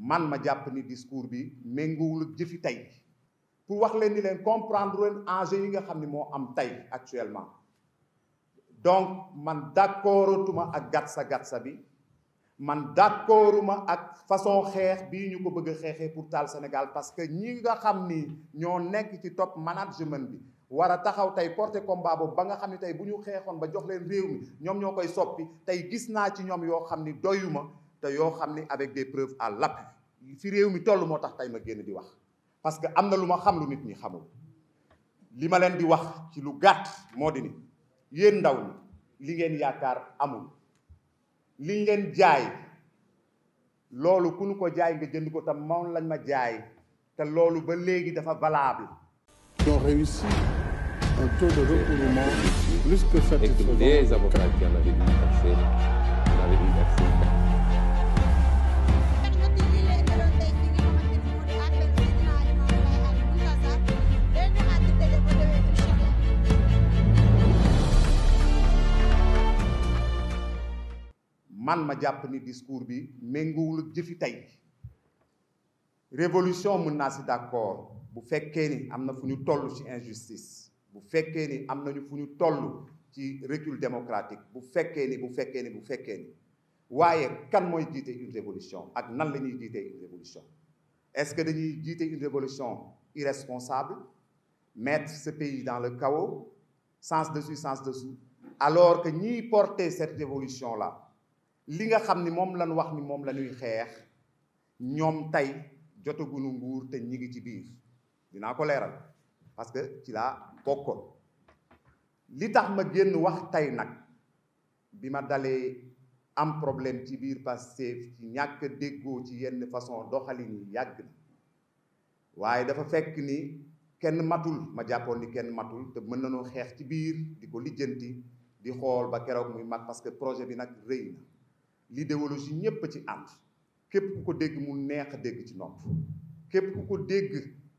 man ma jàpp ni discours bi méngoowul ak jëfi tey pour wax leen ni leen comprendre leen enjeu yi nga xam ne moo am tey actuellement donc man d'accordatuma ak gatsa gatsa bi man d'accorduma ak façon xeex bii ñu ko bëgg a xeexee pour taal Sénégal parce que ñi nga xam ni ñoo nekk ci top management bi war a taxaw tey porter combat boobu ba nga xam ne tey bu ñu xeexoon ba jox leen réew mi ñoom ñoo koy soppi tey gis naa ci ñoom yoo xam ni doyuma te yoo xam ni avec des preuves à l'appui fi réew mi toll moo tax tay ma génn di wax parce que am na lu ma xam lu nit ñi xamul li ma leen di wax ci lu gàtt moo di ni yéen ndaw ñi li ngeen yaakaar amul li ngeen jaay loolu ku ñu ko jaay nga jënd ko tam moom lañ ma jaay te loolu ba léegi dafa valable. qui man ma jàpp ni discours bi méngoowul ak jëfi tey révolution mën naa si d'accord bu fekkee ni am na fu ñu toll ci injustice bu fekkee ni am nañu fu ñu toll ci recul démocratique bu fekkee ni bu fekkee ni bu fekkee ni waaye kan mooy jiite une révolution ak nan la ñuy jiite une révolution est-ce que dañuy jiite une révolution irresponsable mettre ce pays dans le de sens dessus sens dessous alors que ñiy porter cette révolution la li nga xam ni moom lañ wax ni moom la xeex ñoom tey jotaguñu nguur te ñi ngi ci biir dinaa ko leeral parce que ci laa bokkoon li tax ma génn wax tey nag bi ma dalee am problème ci biir Pastef ci ñàkk déggoo ci yenn façon doxalin yi yàgg na waaye dafa fekk ni kenn matul ma jàppoon ni kenn matul te mën nañoo xeex ci biir di ko lijjanti di xool ba keroog muy mag parce que projet bi nag rëy na l'idéologie ñëpp ci ànd képp ku ko dégg mu neex a dégg ci nopp képp ku ko dégg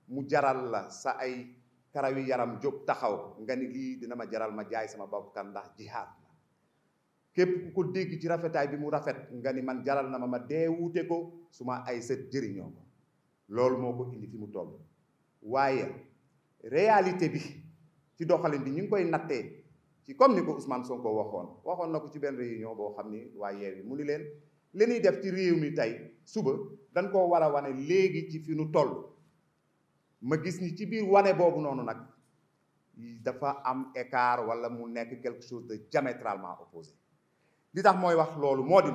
mu jaral la sa ay karawi yaram jóg taxaw nga ni lii dina ma jaral ma jaay sama kan ndax jihaad la képp ku ko dégg ci rafetaay bi mu rafet nga ni man jaral na ma ma deewute ko su ma ay set jëriñoo ko loolu moo ko indi fi mu toll waaye réalité bi ci doxalin bi ñu ngi koy nattee ci comme ni ko usman soo ko waxoon waxoon na ko ci benn réunion boo xam ni waa Yewwi mu ni leen li ñuy def ci réew mi tey suba dañ koo war a wane léegi ci fi nu toll ma gis ni ci biir wane boobu noonu nag dafa am écart wala mu nekk quelque chose de diamétralement opposé li tax mooy wax loolu moo di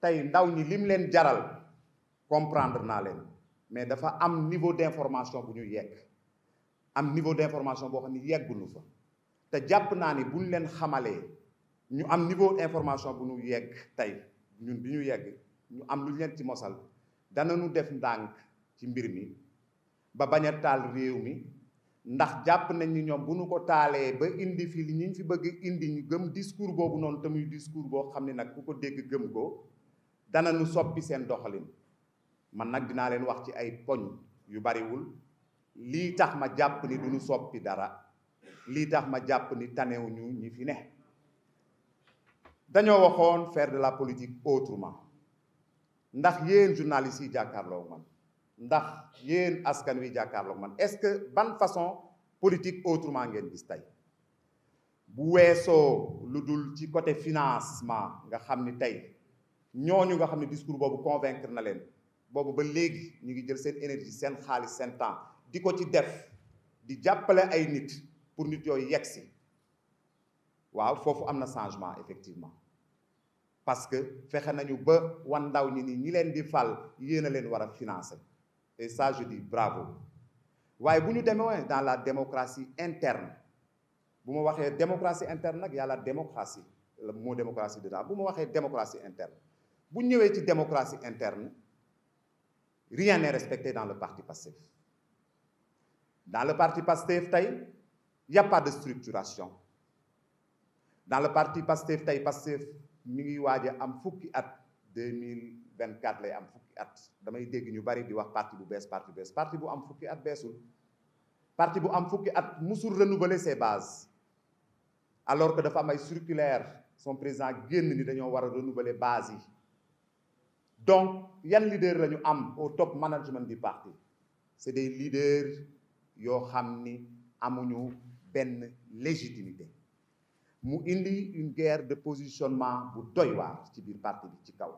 tey ndaw ñi lim leen jaral comprendre naa leen mais dafa am niveau d'information bu ñu yegg am niveau d'information boo xam ni yeggul fa te jàpp naa ni buñ leen xamalee ñu am niveau information bu ñu yegg tey ñun bi ñu yegg ñu am lu ñu ci mosal danañu def ndànk ci mbir mi ba bañ a taal réew mi ndax jàpp nañ ni ñoom bu ñu ko taalee ba indi fi li ñu fi bëgg indi ñu gëm discours boobu noonu tamit muy discours boo xam ne nag ku ko dégg gëm ko danañu soppi seen doxalin man nag dinaa leen wax ci ay poñ yu bariwul lii tax ma jàpp ni du ñu soppi dara lii tax ma jàpp ni tanewuñu ñi fi ne dañoo waxoon faire de la politique autrement ndax yéen journalistes yi jàkkaarloog man ndax yéen askan wi jàkkaarloog man est-ce que ban façon politique autrement ngeen gis tey bu weesoo lu dul ci côté financement nga xam ni tey ñooñu nga xam ne discours boobu convaincre na leen boobu ba léegi ñu ngi jël seen énergie seen xaalis seen temps di ko ci def di jàppale ay nit pour nit yooyu yegg si waaw foofu am na changement effectivement parce que fexe nañu ba wan ndaw ñi nii ñi leen di fal yéen a leen war a financer et ça je dis bravo waaye bu ñu demee dans la démocratie interne bu ma waxee démocratie interne nag yàlla démocratie le mot démocratie dedans bu ma waxee démocratie interne bu ñëwee ci démocratie interne rien n'est respecté dans le partie Pastef dans le parti Pastef tey il n'y a pas de structuration dans le parti Pastef tey Pastef mu ngi waaj a am fukki at deux mille vingt quatre lay am fukki at damay dégg ñu bari di wax parti bu bees parti bu bees parti bu am fukki at beesul parti bu am fukki at musul renouveler ses bases alors que dafa am ay circulaire son président génn ni dañoo war a renouveler base yi donc yan leader la ñu am au top management du parti c'est des leaders yoo xam ni amuñu benn légitimité mu indi une guerre de positionnement bu doy waar ci biir parti bi ci kaw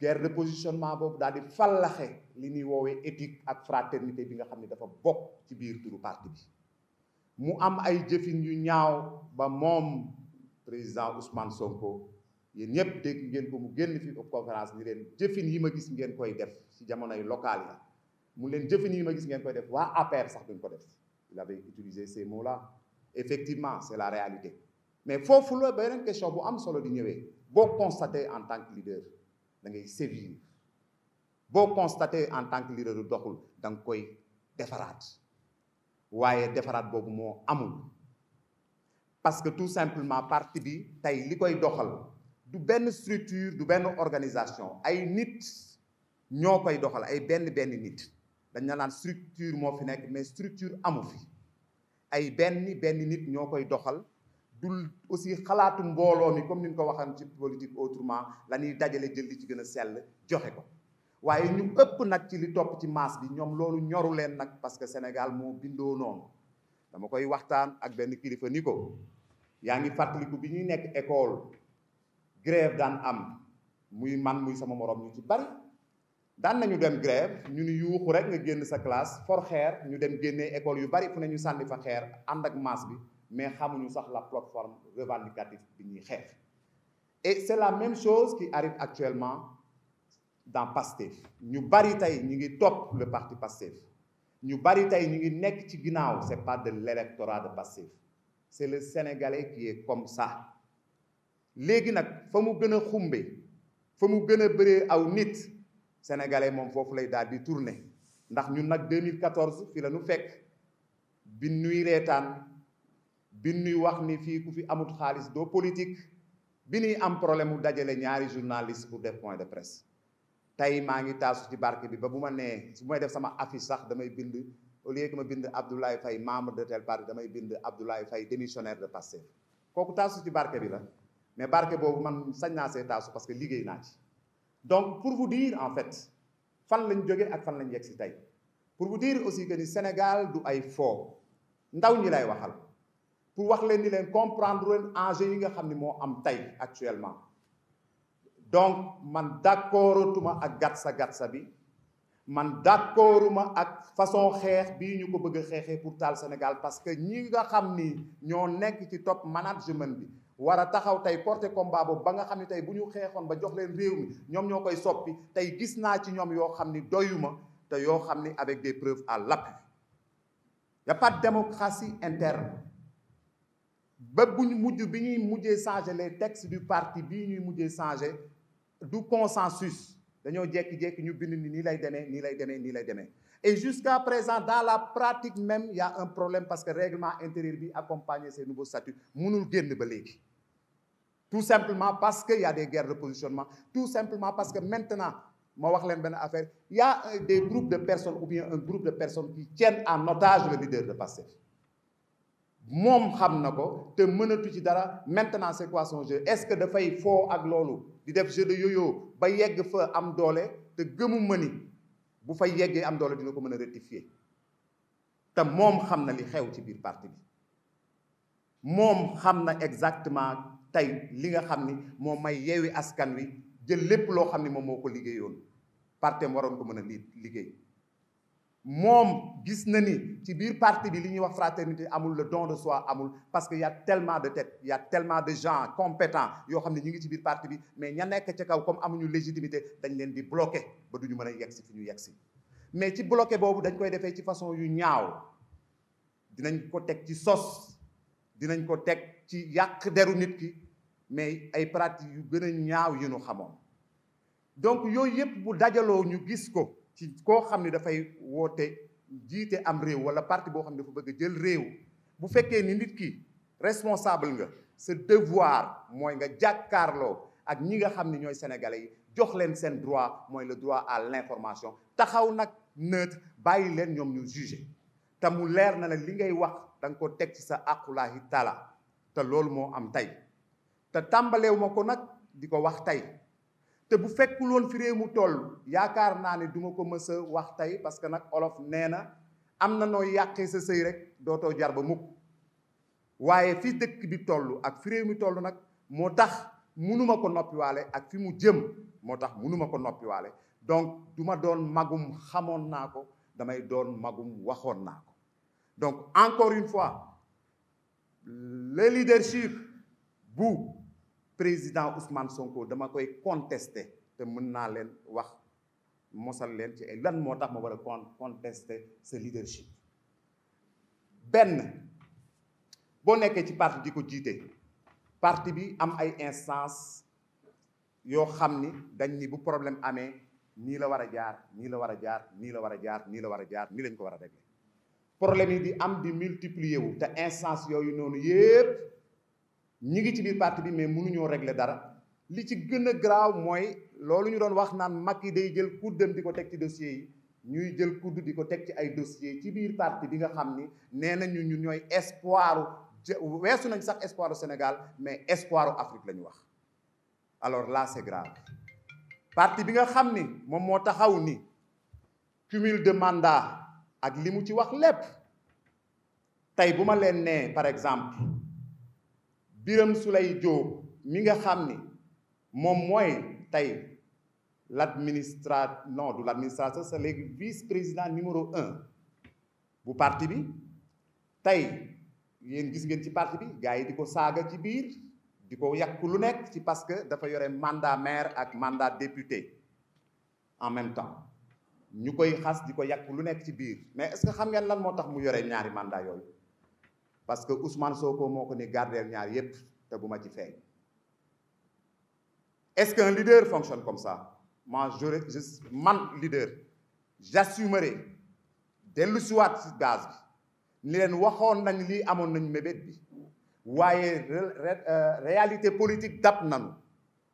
guerre de positionnement boobu daal di fallaxe li ñuy woowee éthique ak fraternité bi nga xam ne dafa bokk ci biir turu parti bi mu am ay jëfin yu ñaaw ba moom président Ousmane Sonko yenn ñëpp dégg ngeen ko mu génn fi conférence ni leen jëfin yi ma gis ngeen koy def ci jamonoy locales yi mu leen jëfin yi ma gis ngeen koy def waa APR sax duñ ko def il avait utilisé ces mots-là effectivement c'est la réalité mais foofu la beneen question bu am solo di ñëwee boo constaté en tant que leader da ngay sévir boo constaté en tant que leader du doxul da nga koy defaraat waaye defaraat boobu moo amul parce que tout simplement parti bi tey li koy doxal du benn structure du benn organisation ay nit ñoo koy doxal ay benn benn nit dañ la naan structure moo fi nekk mais structure amu fi ay benn benn nit ñoo koy doxal dul aussi xalaatu mbooloo mi comme ni ñu ko waxan ci politique autrement la ñuy dajale jël li ci gën a sell joxe ko waaye ñu ëpp nag ci li topp ci masse bi ñoom loolu ñoru leen nag parce que Sénégal moo bindoo noonu dama koy waxtaan ak benn kilifa ni ko yaa ngi fàttaliku bi ñuy nekk école grève daan am muy man muy sama moroom ñu ci bari daan nañu dem grève ñu ni yuuxu rek nga génn sa classe for xeer ñu dem génne école yu bari fu ne ñu sànni fa xeer ànd ak masse bi mais xamuñu sax la plateforme revendicative bi ñuy xeex et c'est la même chose qui arrive actuellement dans Pastef ñu bari tey ñu ngi topp le parti Pastef ñu bari tey ñu ngi nekk ci ginnaaw c'est pas de l'électorat de Pastef c'est le Sénégalais qui est comme ça léegi nag fa mu gën a xumbe fa mu gën a bëree aw nit sénégalais moom foofu lay daal di tourner ndax ñun nag 2014 fii la ñu fekk bi nuy reetaan bi nuy wax ni fii ku fi amut xaalis doo politique bi nuy am problème mu dajale ñaari journaliste pour def point de presse tey maa ngi taasu ci barke bi ba bu ma nee su may def sama affiche sax damay bind au lieu que ma bind Abdoulaye Faye membre de tel parti damay bind Abdoulaye Faye démissionnaire de Pastef kooku taasu ci barke bi la mais barke boobu man sañ naa see taasu que liggéey naa ci donc pour vous dire en fait fan lañ jóge ak fan lañ yegg si tey pour vous dire aussi que ni Sénégal du ay foo ndaw ñi lay waxal pour wax leen ni leen comprendre leen enjeu yi nga xam ni moo am tey actuellement donc man d'accordatuma ak gatsa gatsa bi man d'accorduma ak façon xeex bii ñu ko bëgg a xeexee pour taal Sénégal parce que ñi nga xam ni ñoo nekk ci top management bi war a taxaw tey porter combat boobu ba nga xam ne tey bu ñu xeexoon ba jox leen réew mi ñoom ñoo koy soppi tey gis naa ci ñoom yoo xam ni doyuma te yoo xam ni avec des preuves à l'appui y a pas de démocratie interne ba buñ mujj bi ñuy mujjee changer les textes du parti bii ñuy mujjee changer du consensus dañoo jekki jekki ñu bind ni nii lay demee nii lay demee nii lay demee et jusqu'à présent dans la pratique même y a un problème parce que règlement intérieur bi accompagner ces nouveaux statuts mënul génn ba léegi tout simplement parce que y a des guerres de positionnement tout simplement parce que maintenant ma wax leen benn affaire y a euh, des groupes de personnes ou bien un groupe de personnes qui tiennent en otage le leader de Pastef moom xam na ko te mënatu ci dara maintenant c'est quoi son jeu est-ce que dafay foo ak loolu di def jeu de yo ba yegg fa am doole te gëmu mëni bu fa yeggee am doole dina ko mën a rectifier te moom xam na li xew ci biir parti bi moom xam na exactement tey li nga xam ni moo may yeewi askan wi jël lépp loo xam ni moom moo ko liggéeyoon partem waroon ko mën a liggéey moom gis na ni ci biir parti bi li ñuy wax fraternité amul le don de soi amul parce que ya a tellement de têtes y a de gens compétents yoo xam ne ñu ngi ci biir parti bi mais ña nekk ca kaw comme amuñu légitimité dañ leen di bloqué ba duñu mën a yegsi fi ñu yegsi mais ci bloqué boobu dañ koy defee ci façon yu ñaaw dinañ ko teg ci sos dinañ ko teg ci yàq deru nit ki mais ay pratiques yu gën a ñaaw yu ñu xamoon donc yooyu yëpp bu dajaloo ñu gis ko ci koo xam ne dafay woote jiite am réew wala parti boo xam ne dafa bëgg a jël réew bu fekkee ni nit ki responsable nga sa devoir mooy nga jàkkaarloo ak ñi nga xam ne ñooy sénégalais yi jox leen seen droit mooy le droit à l'information taxaw nag neutre bàyyi leen ñoom ñu juger te leer na la li ngay wax da nga ko teg ci sa aqulaahi taala te loolu moo am tey te tàmbaleew ma ko nag di ko wax tey te bu fekkul woon fi mu toll yaakaar naa ne duma ko mësa wax tey parce que nag olof nee na am na nooy yàqee sa sëy rek dootoo jar ba mukk waaye fi dëkk bi tollu ak fi réew mi toll nag moo tax munuma ko noppiwaale ak fi mu jëm moo tax munuma ko noppiwaale donc du ma doon magum xamoon naa ko damay doon magum waxoon naa Donc, encore une fois, le leadership bu président Ousmane Sonko dama koy contester te mën naa leen wax mosal leen ci lan moo tax ma war a contester ce leadership benn boo nekkee ci parti di ko jiite parti bi am ay instance yoo xam ni dañ ni bu problème amee nii la war a jaar nii la war a jaar nii la war a jaar nii la a jaar nii lañ ko war a régler problème yi di am di multiplier wu te instance yooyu noonu yëpp ñi ngi ci biir parti bi mais mënuñoo régler dara li ci gën a graaw mooy loolu ñu doon wax naan mag yi day jël kuddam di ko teg ci dossiers yi ñuy jël kudd di ko teg ci ay dossiers ci biir parti bi nga xam ni nee nañu ñu ñooy espoiru weesu nañ sax espoiru Sénégal mais espoiru Afrique la ñu wax alors là c'est grave parti bi nga xam ni moom moo taxaw ni cumul de mandat ak li mu ci wax lépp tey bu ma leen nee par exemple Birame Souleye jóo mi nga xam ni moom mooy tey l'administrat non du l'administration c'est léegi vice-président numéro un bu parti bi tey yéen gis ngeen ci parti bi gars yi di ko saaga ci biir di ko yàq lu nekk ci parce que dafa yore mandat maire ak mandat député en même temps ñu koy xas di ko yàq lu nekk ci biir mais est-ce que xam ngeen lan moo tax mu yore ñaari mandat yooyu parce que Ousmane Sonko moo ko ni gardeel ñaar yépp te bu ma ci feeñ est-ce qu'un leader fonctionne comme ça moi je man leader j'assumerai dellu siwaat si base bi ni leen waxoon nañ lii amoon nañ mébét bi waaye euh, réalité politique dab nanu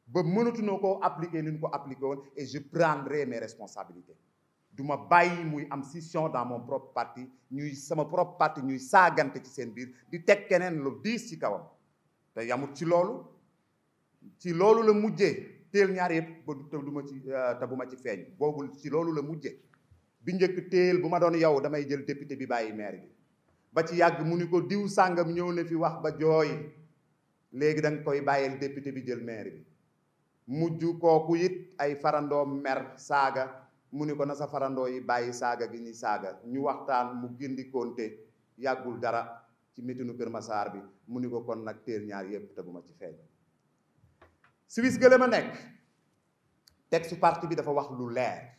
ba mënatunoo koo appliquer ni ñu ko appliqué woon et je prendrai mes responsabilités du ma bàyyi muy am scission dans mon propre parti ñuy sama propre parti ñuy saagante ci seen biir di teg keneen lu diis ci kawam te yamut ci loolu ci loolu la mujje teel ñaar yëpp ba ci euh, te bu ma ci feeñ boobu ci loolu la mujjee bi njëkk téel bu ma doon yow damay jël député bi bàyyi maire bi ba ci yàgg mu ni ko diw sàngam ñëw na fi wax ba jooy léegi danga koy bàyyil député bi jël maire bi mujj kooku it ay farandoom mer saaga mu ni ko na sa farandoo yi bàyyi saaga gi ñuy saaga ñu waxtaan mu gindi yàggul dara ci mitinu Kër Masaar bi mu ni ko kon nag téer ñaar yépp te bu ma ci feeñ Suisse gële ma nekk texte parti bi dafa wax lu leer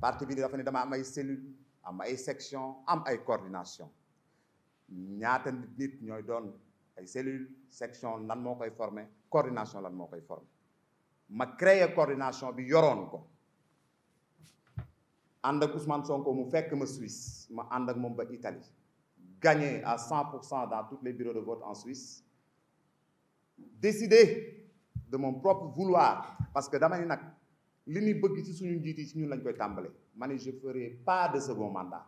parti bi dafa ne dama am ay cellule am ay section am ay coordination ñaata nit ñooy doon ay cellule section lan moo koy formé coordination lan moo koy formé ma créer coordination bi yoroon ko ànd ak Ousmane Sonko mu fekk ma Suisse ma ànd ak moom ba Italie gagné à cent pour cent dans tous les bureaux de vote en Suisse décidé de mon propre vouloir parce que dama nag li ñu bëgg ci suñu njiit yi ci ñun lañ koy tàmbale ma ne je ferai pas de second mandat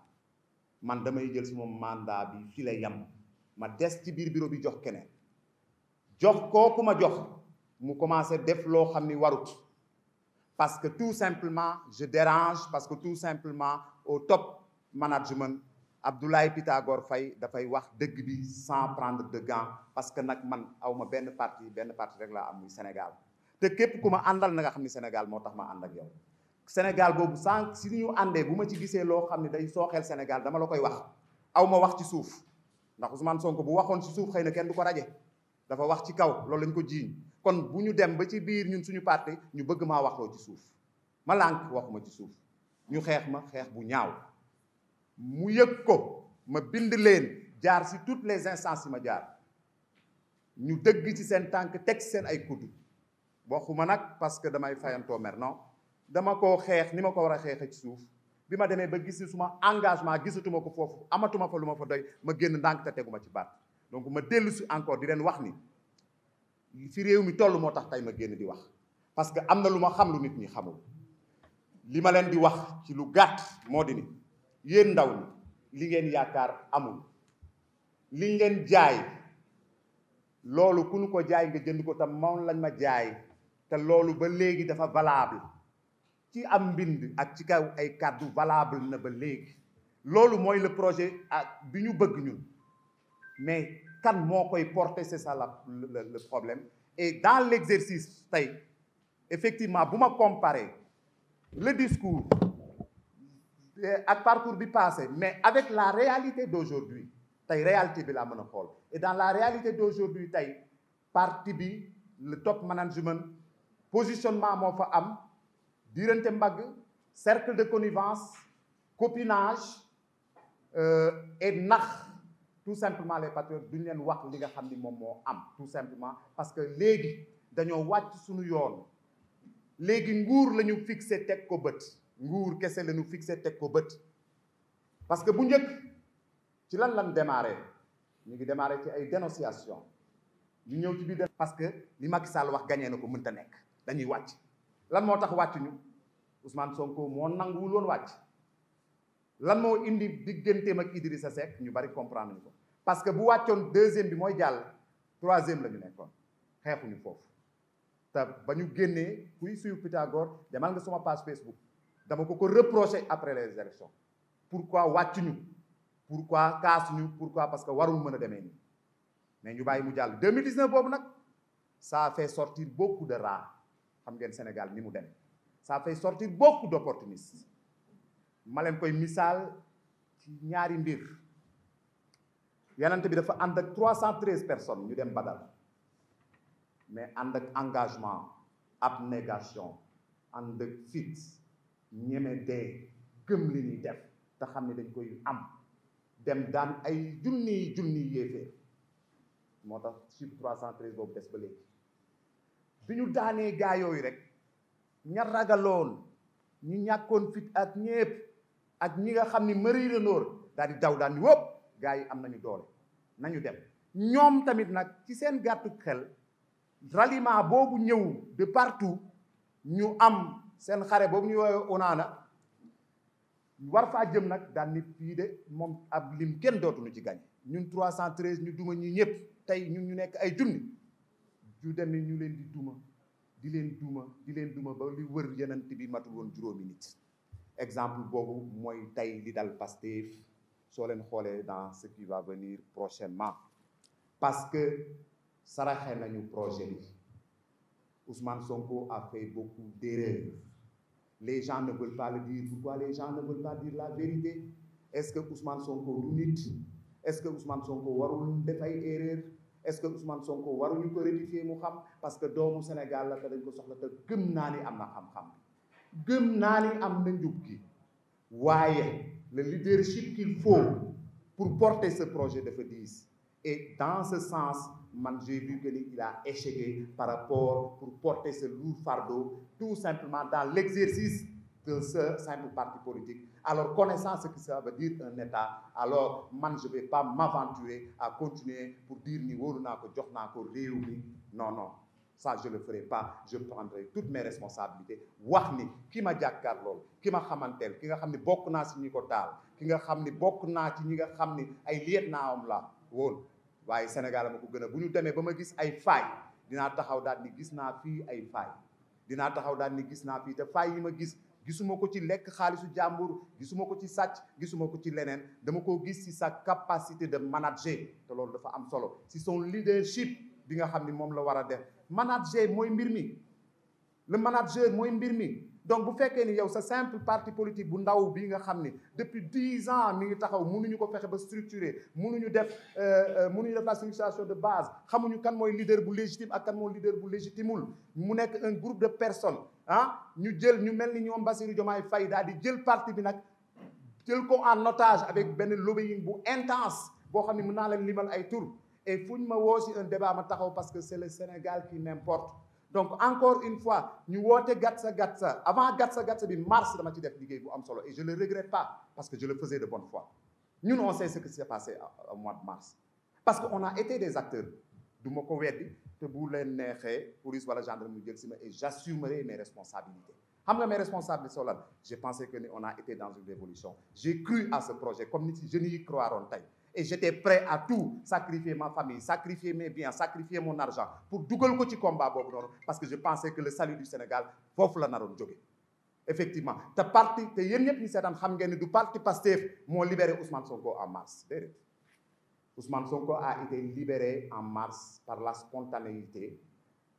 man damay jël suma mandat bi fi la yem ma des ci biir bureau bi jox keneen jox kooku ma jox mu commencé def loo xam ni warut parce que tout simplement je dérange parce que tout simplement au top management Abdoulaye Pythagore fay dafay wax dëgg bi sans prendre de gants parce que nag man awma benn parti benn parti rek laa am muy Sénégal te képp ku ma àndal na nga xam ni Sénégal moo tax ma ànd ak yow Sénégal boobu sànq si ñu àndee bu ma ci gisee loo xam ne day sooxeel Sénégal dama la koy wax aw ma wax ci suuf ndax Ousmane Sonko bu waxoon ci suuf xëy na kenn du ko raje dafa wax ci kaw loolu lañ ko jiiñ kon bu ñu dem ba ci biir ñun suñu parti ñu bëgg maa waxloo ci suuf ma lànk waxuma ci suuf ñu xeex ma xeex bu ñaaw mu yëg ko ma bind leen jaar si tout les instances yi ma jaar ñu dëgg ci seen tànk teg seen ay kudd waxuma nag parce que damay fayantoo mer non dama ko xeex ni ma ko war a xeexe ci suuf bi ma demee ba gis suma engagement gisatuma ko foofu amatuma fa lu ma fa doy ma génn ndànk te teguma ci baat donc ma dellu si encore di leen wax ni fi réew mi toll moo tax tey ma génn di wax parce que am na lu ma xam lu nit ñi xamul li ma leen di wax ci lu gàtt moo di ni yéen ndaw ñi li ngeen yaakaar amul li ngeen jaay loolu ku ñu ko jaay nga jënd ko tam moom lañ ma jaay te loolu ba léegi dafa valable ci am mbind ak ci kaw ay kàddu valable na ba léegi loolu mooy le projet ak ah, bi ñu bëgg ñun mais kan moo koy porter c'est ça la le, problème et dans l'exercice tey effectivement bu ma comparer le discours euh, ak parcours bi passé mais avec la réalité d'aujourd'hui tey réalité bi la mën a xool dans la réalité d'aujourd'hui tey parti bi le top management positionnement moo fa am diirante mbagg cercle de connivence copinage euh, et nax tout simplement les patriotes duñ leen wax li nga xam ni moom moo am tout simplement parce que léegi dañoo wàcc suñu yoon léegi nguur lañu ñu teg ko bët nguur kese la ñu fixé teg ko bët parce que bu njëkk ci lan lan démarré ñu ngi démarré ci ay dénonciation ñu ñëw ci def parce que li Macky Sall wax gañee na ko mënta nekk dañuy wàcc lan moo tax wàccuñu Ousmane Sonko moo nanguwul woon wàcc lan moo indi digganteem ak sa Seck ñu bari comprendre ko parce que bu wàccoon deuxième bi mooy jàll troisième la ñu nekkoon xeexuñu foofu te ba ñu génnee kuy suivre Pythagore demal nga sama page Facebook dama ko ko reproché après les élections pourquoi wàccuñu pourquoi kaasuñu pourquoi parce que warul mën a demee nii mais ñu bàyyi mu jàll 2019 boobu nag ça a fait sortir beaucoup de rats xam ngeen Sénégal ni mu demee ça a fait sortir beaucoup d'opportunistes ma leen koy misaal ci ñaari mbir yonent bi dafa ànd ak 313 personnes ñu dem Badar mais ànd ak engagement abnégation ànd ak fit ñeme dee gëm li ñuy def te xam ne dañ koy am dem daan ay junniy junniy yéeféer moo tax chiffre 313 boobu des ba léegi bi ñu daanee gaa yooyu rek ña ragaloon ñu ñàkkoon fit ak ñépp ak ñi nga xam ni mëri la noor daal di daw daan ni wëpp gaa yi am nañu doole nañu dem ñoom tamit nag ci seen gàttu xel ralliement boobu ñëw de partout ñu am seen xare boobu ñuy woowee onaana war faa jëm nag daan nit fii de moom ab lim kenn dootuñu ci gañe ñun trois cent 313 ñu duma ñi ñëpp tey ñu ñu nekk ay junni ju dem ñu leen di duma di leen duma di leen duma ba lu wër yenant bi matul woon juróomi nit exemple boobu mooy tey li dal Pastef soo leen xoolee dans ce qui va venir prochainement parce que saraxe nañu projet bi Ousmane Sonko a fait beaucoup d'erreurs les gens ne veulent pas le dire pourquoi les gens ne veulent pas dire la vérité est-ce que Ousmane Sonko du nit est que Ousmane Sonko warul def ay erreur est-ce que Ousmane Sonko waruñu ko rectifier mu xam parce que doomu Sénégal la te dañ ko soxla te gëm naa ni am na xam-xam gëm naa ni am na njub gi waaye le leadership qu'il faut pour porter ce projet dafa diis et dans ce sens man j'ai vu que il a échoué par rapport pour porter ce lourd fardeau tout simplement dans l'exercice de ce simple parti politique alors connaissant ce que ça veut dire un état alors man je vais pas m'aventurer à continuer pour dire ni wóolu naa ko jox naa ko réew mi non non ca je le ferai pas je prendrai toutes mes responsabilités wax ni kii ma jàkkaar lool ki ma xamanteel ki nga xam ni bokk naa si ñi ko taal ki nga xam ni bokk naa ci ñi nga xam ni ay liet naa am la woon waaye Sénégal ma ko gën a bu ñu demee ba ma gis ay faay dinaa taxaw daal ni gis naa fii ay faay dinaa taxaw daal ni gis naa fii te faay yi ma gis gisuma ko ci lekk xaalisu jàmbur gisuma ko ci sàcc gisuma ko ci leneen dama koo gis ci sa capacité de manager te loolu dafa am solo si son leadership bi nga xam ni moom la war a def manager mooy mbir mi le manager mooy mbir mi donc bu fekkee ni yow sa simple parti politique bu ndaw bii nga xam ni depuis dix ans mi ngi taxaw ñu ko fexe ba structuré mënuñu def euh, euh, mënuñu def la structuration de base xamuñu kan mooy leader bu légitime ak kan mooy leader bu légitimul mu nekk un groupe de personnes ah ñu jël ñu mel ni ñoom Bassirou Diomaye Faye daal di jël parti bi nag jël ko en otage abec benn lobbying bu intense boo xam ne mën naa leen limal ay tur et fu ñu ma woo si un débat ma taxaw parce que c'est le Sénégal qui m'importe donc encore une fois ñu woote Gatsa Gatsa avant Gatsa Gatsa bi mars dama ci def liggéey bu am solo et je le regrette pas parce que je le faisais de bonne foi ñun on sait ce qui s'est passé au mois de mars parce que on a été des acteurs du ma ko weddi te bu leen neexee police wala gendarme mu jël si ma et j'assumerai mes responsabilités xam nga mes responsabilités sont là j'ai pensé que on a été dans une révolution j'ai comme nit si jeunes yi tey et j'étais prêt à tout sacrifier ma famille sacrifier mais bien sacrifier mon argent pour dugal ko ci combat boobu noonu parce que je pensais que le salut du Sénégal foofu la naroon joge effectivement te parti te yéen ñëpp ñu seetaan xam ngeen ni du parti Pastef moo libéré Ousmane Sonko en mars déedéet Ousmane Sonko a été libéré en mars par la spontanéité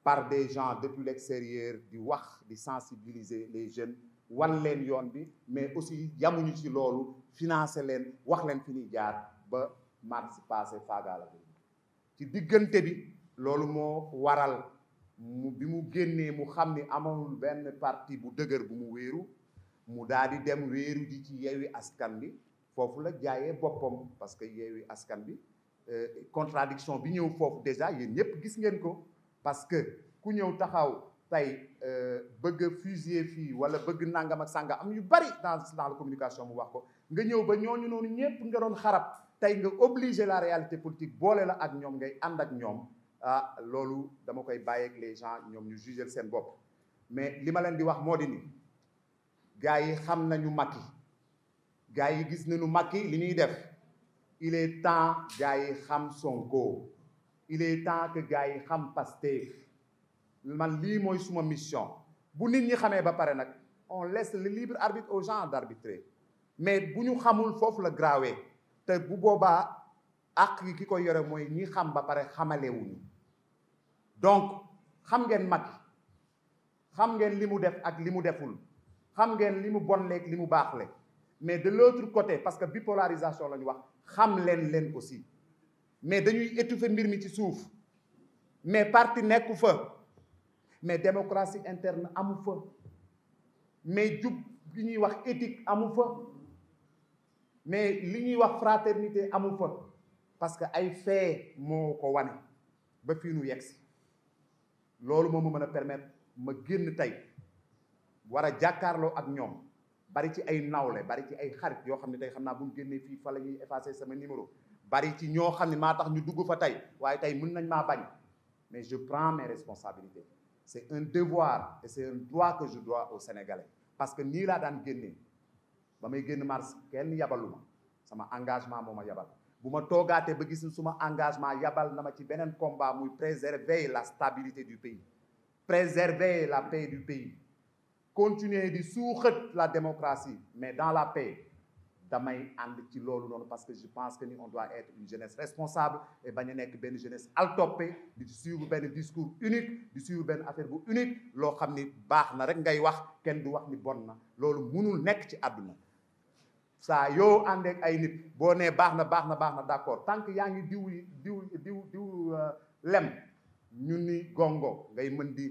par des gens depuis l'extérieur di wax di sensibiliser les jeunes wan leen yoon bi mais aussi yamuñu ci loolu financer leen wax leen fi ñuy jaar ba mars passé faagaala ci diggante bi loolu moo waral bi mu génnee mu xam ni amul benn parti bu dëgër bu mu wéeru mu dal di dem wéeru ji ci yeewi askan bi foofu la jaaye boppam parce que yeewi askan bi euh, contradiction bi ñëw foofu déjà yéen ñëpp gis ngeen ko parce que ku ñëw taxaw tey euh, bëgg a fii wala bëgg nangam ak sànga am yu bari dans dans la communication mu wax ko nga ñëw ba ñooñu noonu ñëpp nga xarab tey nga obliger la réalité politique boole la ak ñoom ngay ànd ak ñoom ah loolu dama koy bàyyeeg les ñoom ñu jugel seen bopp mais li ma leen di wax moo di ni gars yi xam nañu Macky gars yi gis nañu Macky li ñuy def il est temps gars yi xam Sonko il est temps que gars yi xam Pastef man lii mooy suma mission bu nit ñi xamee ba pare nag on laisse le libre arbitre aux gens d'arbitrer mais bu ñu xamul foofu la grawe te bu boobaa àq yi ki koy yore mooy ñi xam ba pare xamalewuñu donc xam ngeen mag xam ngeen li mu def ak li mu deful xam ngeen li mu bonleeg li mu baax baaxle mais de l'autre côté parce que bipolarisation la ñu wax xam leen leen aussi mais dañuy étouffer mbir mi ci suuf mais parti nekku fa mais démocratie interne amu fa mais jub bi ñuy wax éthique amu fa mais li ñuy wax fraternité amul fa parce que ay fee moo ko wane ba fii nu yegg si loolu moom ma mën a permettre ma génn tey war a jàkkaarloo ak ñoom bari ci ay nawle bari ci ay xarit yoo xam ne tey xam naa bu ñu génnee fii fa la ñuy effacer sama numéro bari ci ñoo xam ne maa tax ñu dugg fa tey waaye tey mun nañ maa bañ mais je prends mes responsabilités c'est un devoir et c'est un droit que je dois aux Sénégalais parce que nii laa daan génnee ba may génn mars kenn yabalu ma sama engagement moo ma yabal bu ma toogaatee ba gis suma engagement yabal na ma ci beneen combat muy préserver la stabilité du pays préserver la paix du pays continuer di suuxat la démocratie mais dans la paix damay ànd ci loolu noonu parce que je pense que ni on doit être une jeunesse responsable et bañ a nekk benn jeunesse altoppé di suivre benn discours unique di suivre benn affaire bu unique loo xam ni baax na rek ngay wax kenn du wax ni bon na loolu munul nekk ci àdduna saa yow àndeek ay nit boo nee baax na baax na baax na d'accord tant que yaa ngi diw diw diw diw euh, lem ñu ni gongo ngay mën di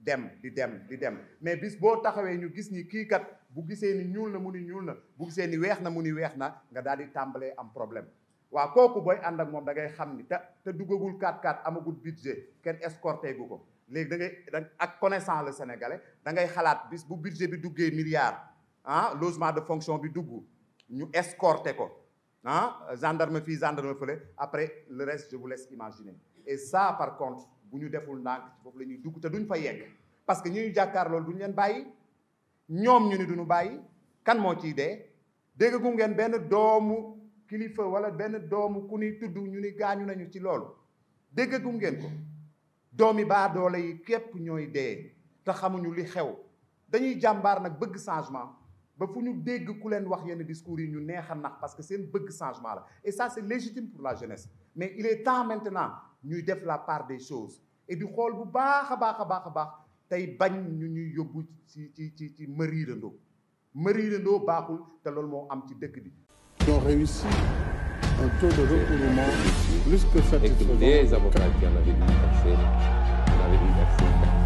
dem di dem di dem mais bis boo taxawee ñu gis ni kii kat bu gisee ni ñuul na mu ni ñuul na bu gisee ni weex na mu ni weex na nga daal di tàmbalee am problème waaw kooku booy ànd ak moom da ngay xam ni te duggagul 4-4 amagul budget kenn escorté gu ko léegi da ngay ak connaissant le sénégalais da ngay xalaat bis bu budget bi duggee milliard ah logement de fonction bi dugg ñu escorté ko ah gendarme fii gendarme fële après le reste je vous laisse imaginer et ça par contre bu ñu deful ndànk foofu la ñuy dugg te duñ fa yegg parce que ñu ñu jàkkaar loolu duñu leen bàyyi ñoom ñu ni duñu bàyyi kan moo ciy dee dégg ngeen benn doomu kilifa wala benn doomu ku ni tudd ñu ni gaañu nañu ci loolu dégg ngeen ko doomi baa doole yi képp ñooy dee te xamuñu li xew dañuy jàmbaar nag bëgg changement ba fu ñu dégg ku leen wax yenn discours yi ñu neexal a nax parce que seen bëgg changement la et ça c'est légitime pour la jeunesse mais il est temps maintenant ñuy def la part des choses et di xool bu baax a baax a baax a baax tey bañ ñu ñuy yóbbu ci ci ci ci mëriirandoo mëriirandoo baaxul te loolu moo am ci dëkk bi. ils ont réussi un taux de recouvrement plus que satisfaisant. Et que les